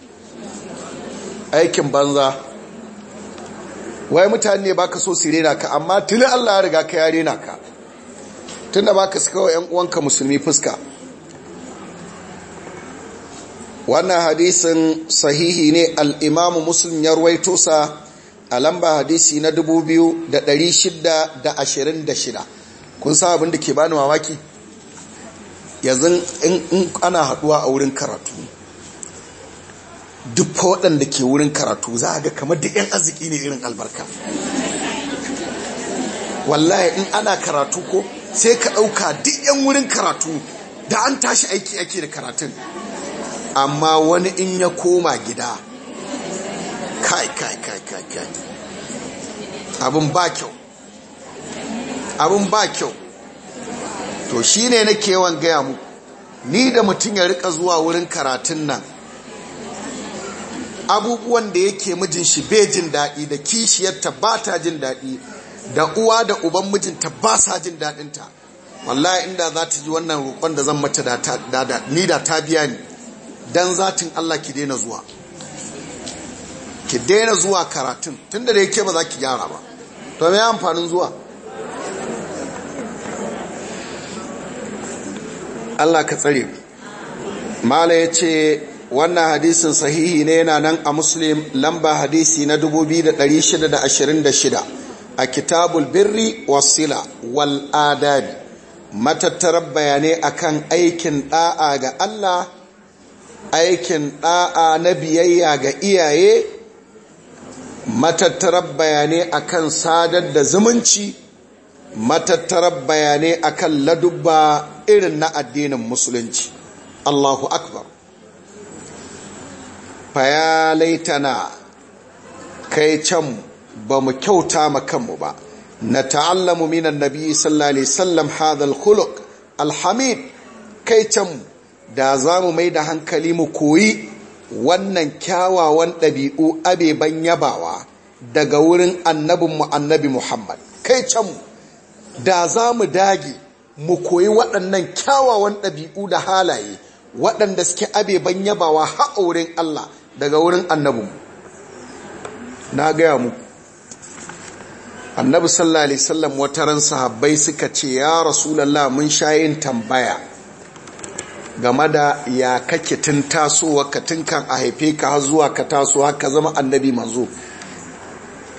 aikin banza wai mutane ba baka so su rena ka amma tuni Allah ya riga ka ya rena ka tunda ba ka suka wa 'yan uwanka musulmi fuska wannan hadisin sahihi ne al'imamu muslim ya a lamba hadisi na 2626 kun sa abin da ke bani mamaki yanzu in ana haduwa a wurin karatu duk waɗanda ke wurin karatu za a ga kamar da 'yan arziki ne irin albarka wallahi in ana karatu ko sai ka ɗauka duk 'yan wurin karatu da an tashi aiki ake da karatun amma wani in ya koma gida kai kai kai kai kai abin ba kyau abin ba kyau to shine nake yawan gaya mu, ni da mutum ya rika zuwa wurin karatun nan abubuwan da yake mijin shi bai jin daɗi da kishiyarta ba ta jin daɗi da uwa da uban mijinta ba sa jin daɗinta wallahi inda za ta ji wannan roƙon da zan mace ni da ta biya ni don zatin Allah ki daina zuwa ki daina zuwa karatun tunda da yake ba za ki gyara ba to me amfanin zuwa Allah ka tsare mala ya ce wannan hadisin sahihi ne yana nan a muslim lamba hadisi na 2626 a kitabul birri wasila wal adabi matattarar bayanai akan aikin da'a ga Allah aikin da'a na biyayya ga iyaye matattarar bayanai akan sadar da zumunci matattarar bayanai akan ladubba irin na addinin musulunci Allahu akbar faya laitana kai can ba mu kyauta ma kanmu ba na ta'allamu minan nabi sallallahu alaihi sallam hadal alhamid kai can da za mu mai da hankali mu koyi wannan kyawawan ɗabi'u abeban yabawa daga wurin annabinmu annabi Muhammad kai can da za mu dage mu koyi waɗannan kyawawan ɗabi'u da halaye waɗanda suke abeban yabawa haƙorin Allah daga wurin annabin na gaya mu annabi sallallahu alaihi wasallam ran sahabbai suka ce ya rasulullah mun shayin tambaya game da ya kake tun tasowa ka tun a haife ka har zuwa ka taso haka zama annabi manzo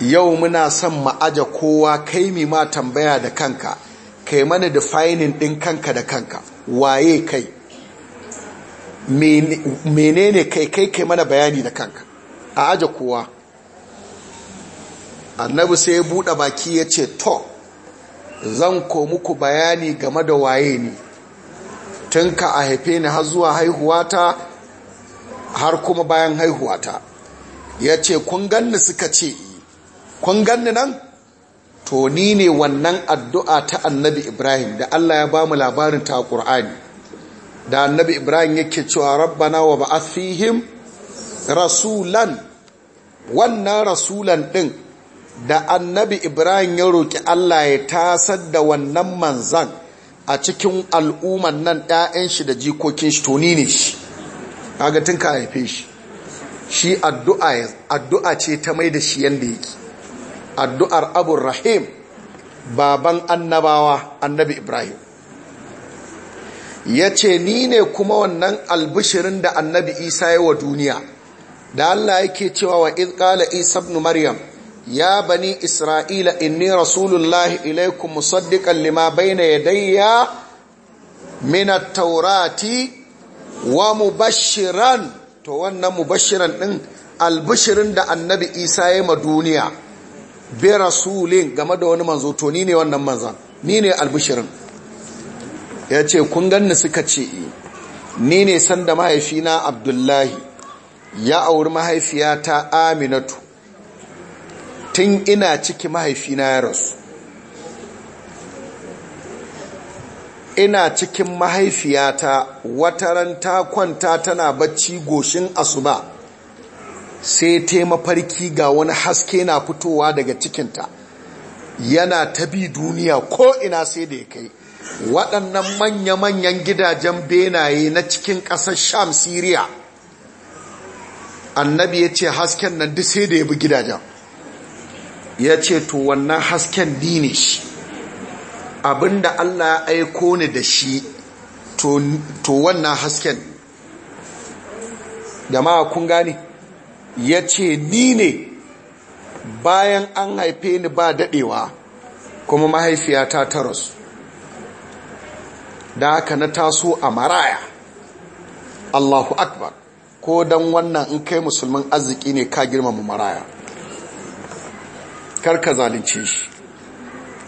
yau muna son ma'aja kowa kai mi ma tambaya da kanka kai mana defining din kanka da kanka waye kai menene kai kai kai mana bayani da kanka a aja kowa annabi sai ya buɗe baki ya ce to zan ko muku bayani game da waye ni tun ka a haife ni har zuwa haihuwata har kuma bayan haihuwata ya ce kun ganni suka ce kun ganni nan to ni ne wannan addu'a ta annabi ibrahim da allah ya ba mu labarin ta ƙur'ani da annabi ibrahim yake cewa rabbana wa ba'ath fihim rasulan wannan rasulan din da annabi ibrahim ya roki Allah ya tasar da wannan manzan a cikin al'umman nan ɗayan shi da jikokin shi toni ne shi kaga tun ka haife shi shi addu'a addu'a ce ta mai da shi yanda yake addu'ar abur rahim baban annabawa annabi ibrahim ya ce ni ne kuma wannan albishirin da annabi isa yi wa duniya da Allah yake cewa wa iz isa ibn maryam ya bani isra'ila inni rasulullahi ilaikum musaddiqan lima na yadayya min at-taurati wa mubashiran to wannan mubashiran din albishirin da annabi isa ya ma duniya bi rasulin game da wani manzo to ni ne wannan manzan ni ne albishirin ya ce kun ganni suka ce e, ni ne sanda mahaifina abdullahi ya auri mahaifiyata aminatu tun ina ciki mahaifina ya rasu ina cikin mahaifiyata wata ta kwanta tana bacci goshin asuba sai ta mafarki ga wani haske na fitowa daga cikinta yana ta bi duniya ko ina sai da ya kai waɗannan manya-manyan gidajen benaye na cikin ƙasar sham siriya annabi ya ce hasken nan duk sai da ya bi gidajen ya ce to wannan hasken dini shi abinda allah ya aiko ni da shi to wannan hasken jama'a kun gane ya ce ni ne bayan an haife ni ba daɗewa kuma mahaifiyata ta rasu da haka na taso a maraya Allahu akbar ko don wannan in kai musulman arziki ne ka girmama maraya karka zalunce shi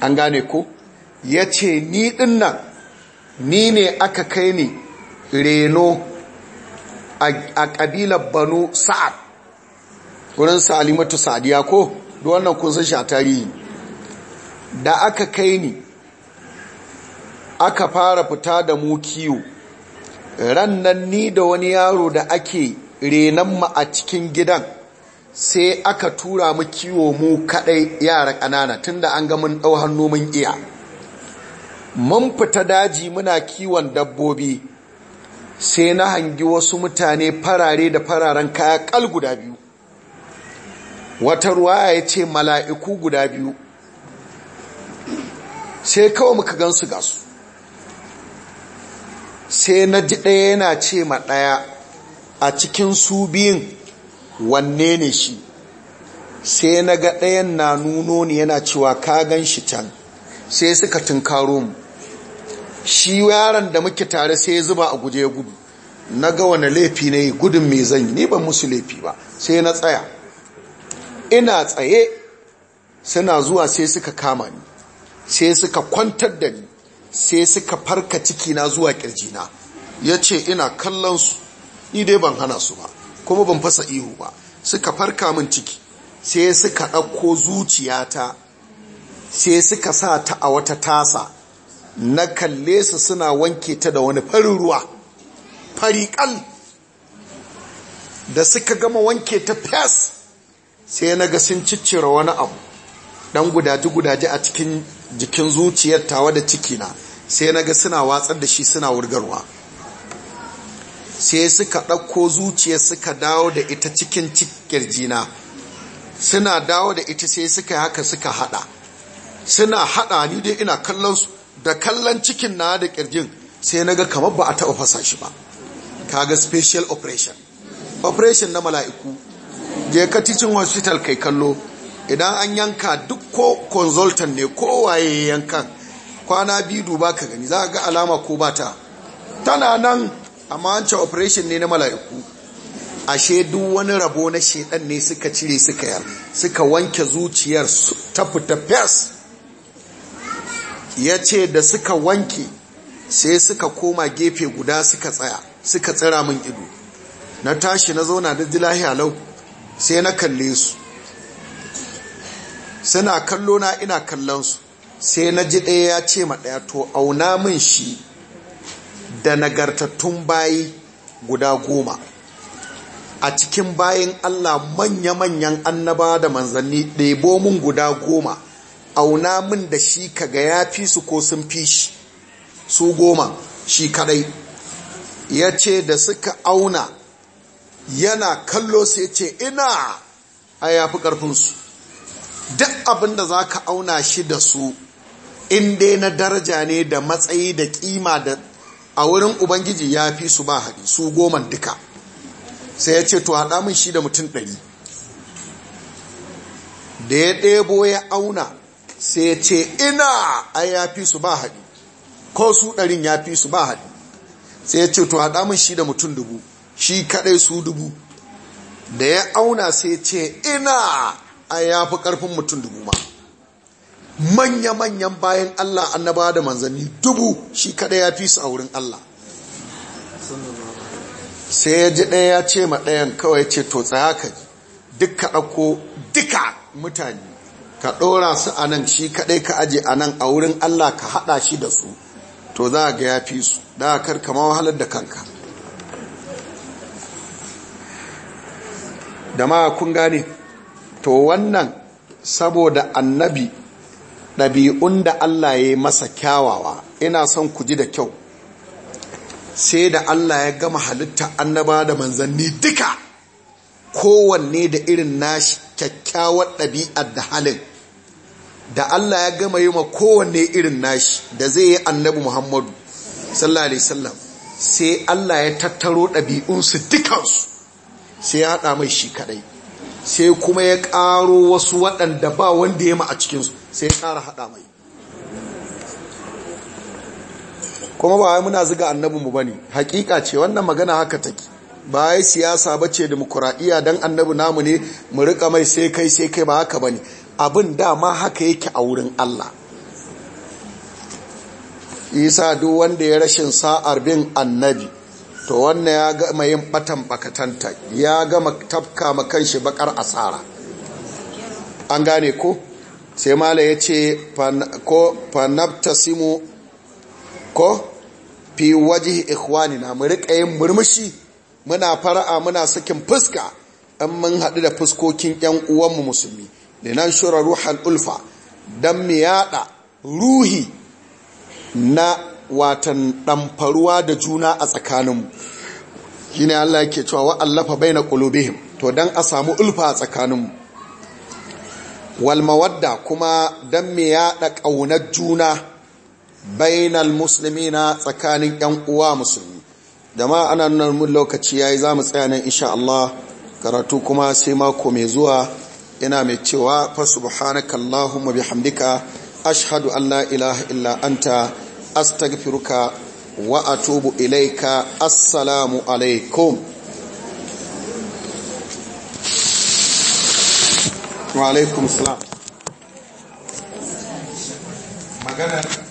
an gane ko ya ce ni dinnan ni ne aka kai ni reno a kabilar banu sa'ad wurin salimatu Sadiya ko da wannan kun san shi a tarihi da aka kai ni aka fara fita da mu kiwo rannan ni da wani yaro da ake renan mu a cikin gidan sai aka tura mu kiwo mu kadai yara ƙanana tunda an ga mun ɗau hannu mun iya mun fita daji muna kiwon dabbobi sai na hangi wasu mutane farare da fararen kaya kal guda biyu wata ruwa ya ce mala'iku guda biyu sai kawai muka gansu gasu sai na ji ɗaya yana ce ma ɗaya a cikin su biyun wanne ne shi sai na ga ɗayan na nuno ne yana cewa ka gan shi can sai suka tunkaro mu shi yaron da muke tare sai ya zuba a guje gudu na ga wani laifi na yi gudun mai zan ni ba musu laifi ba sai na tsaya ina tsaye suna zuwa sai suka kama ni sai suka kwantar da ni sai suka farka cikina zuwa na. ya ce ina kallon su ni dai ban hana su ba kuma ban fasa ihu ba suka farka min ciki sai suka ɗauko zuciyata sai suka sa ta a wata tasa na kalle su suna wanke ta da wani farin ruwa fariƙal da suka gama wanke ta fes sai na ga sun ciccira wani abu dan gudaje-gudaje a cikin jikin zuciyar tawa da cikina sai na ga suna watsar da shi suna wurgarwa sai suka ɗauko zuciyar suka dawo da ita cikin jina suna dawo da ita sai suka yi haka suka hada suna hada ni dai ina kallon su da kallon cikin na da kirjin sai na ga kamar ba a taɓa fasa shi ba kaga special operation operation na mala'iku je ka ticin hospital kai kallo idan an yanka duk ko consultant ne ko kowaye yankan kwana biyu duba ka gani za ga alama ko ba ta tana nan amma an ce operation ne na mala'iku ashe duk wani rabo na shedan ne suka cire suka yar suka wanke zuciyar ta fita fes ya ce da suka wanke sai suka koma gefe guda suka tsaya suka tsira min ido na tashi na zauna da lahiya alau sai na kalle su suna kallo na ina kallon su sai na ji ɗaya ya ce ma ɗaya to auna min shi da nagartattun bayi guda goma a cikin bayan Allah manya-manyan annaba da manzanni ɗebo mun guda goma auna min da shi kaga ya fi su ko sun fi shi su goma shi kadai ya ce da suka auna yana kallo sai ce ina a yafi ƙarfinsu duk abin da za ka auna shi da su in dai na daraja ne da matsayi da kima da a wurin ubangiji ya fi su ba haɗi su goman duka sai ya ce to haɗa min shi da mutum ɗari da ya ɗebo ya auna sai ya ce ina a ya fi su ba haɗi ko su ɗarin ya fi su ba haɗi sai ya ce to haɗa min shi da mutum dubu shi kaɗai su dubu da ya auna sai ce ina an ya fi ƙarfin mutum dubu ma manya-manyan bayan Allah annaba da manzanni dubu shi kada ya fi su a wurin Allah sai ya ji ɗaya ya ce ma ɗayan kawai ce to tsaya ka ji duk ka ɗauko duka mutane ka ɗora su a nan shi kaɗai ka aje a nan a wurin Allah ka haɗa shi da su to za ga ya fi su da kar kama wahalar da kanka da ma kun gane to wannan saboda annabi ɗabi'un da Allah ya masa kyawawa ina son ku ji da kyau sai da Allah ya gama halitta annaba da manzanni duka kowanne da irin nashi kyakkyawar ɗabi'ar da halin da Allah ya gama yi ma kowanne irin nashi da zai yi annabi Muhammadu sallallahu alaihi sai Allah ya tattaro ɗabi'unsu dukansu sai ya haɗa mai shi kaɗai sai kuma ya ƙaro wasu waɗanda ba wanda ya ma a cikinsu sai ya ƙara haɗa mai kuma ba wai muna ziga annabinmu ba ne hakika ce wannan magana haka take ba ya siyasa ba ce demokuraɗiyya don annabi namu ne mu riƙa mai sai kai sai kai ba haka ba ne abin dama haka yake a wurin allah isa duk wanda ya rashin sa'ar bin annabi to wannan ya gama yin batan bakatanta ya gama tafka makan shi bakar asara an gane ko sai mala ya ce ko fanabtasimu ko fi waje ikhwanina mu riƙa yin murmushi muna fara'a muna sakin fuska in mun haɗu da fuskokin 'yan uwanmu musulmi da nan shura ruhan ulfa don mu yaɗa ruhi na watan ɗamfaruwa da juna a tsakaninmu shi ne Allah ke cewa wa'allafa bai na ƙulubihim to don a samu ulfa a tsakaninmu walmawadda kuma don me yaɗa ƙaunar juna bainal musulmi na tsakanin ‘yan uwa musulmi ma ana nan mun lokaci ya yi za mu tsaya nan insha Allah karatu kuma sai mako mai zuwa ina mai cewa fa subhanakallahumma bihamdika ashhadu an la ilaha illa anta astagfiruka wa atubu ilaika assalamu alaikum wa alaikum salam magana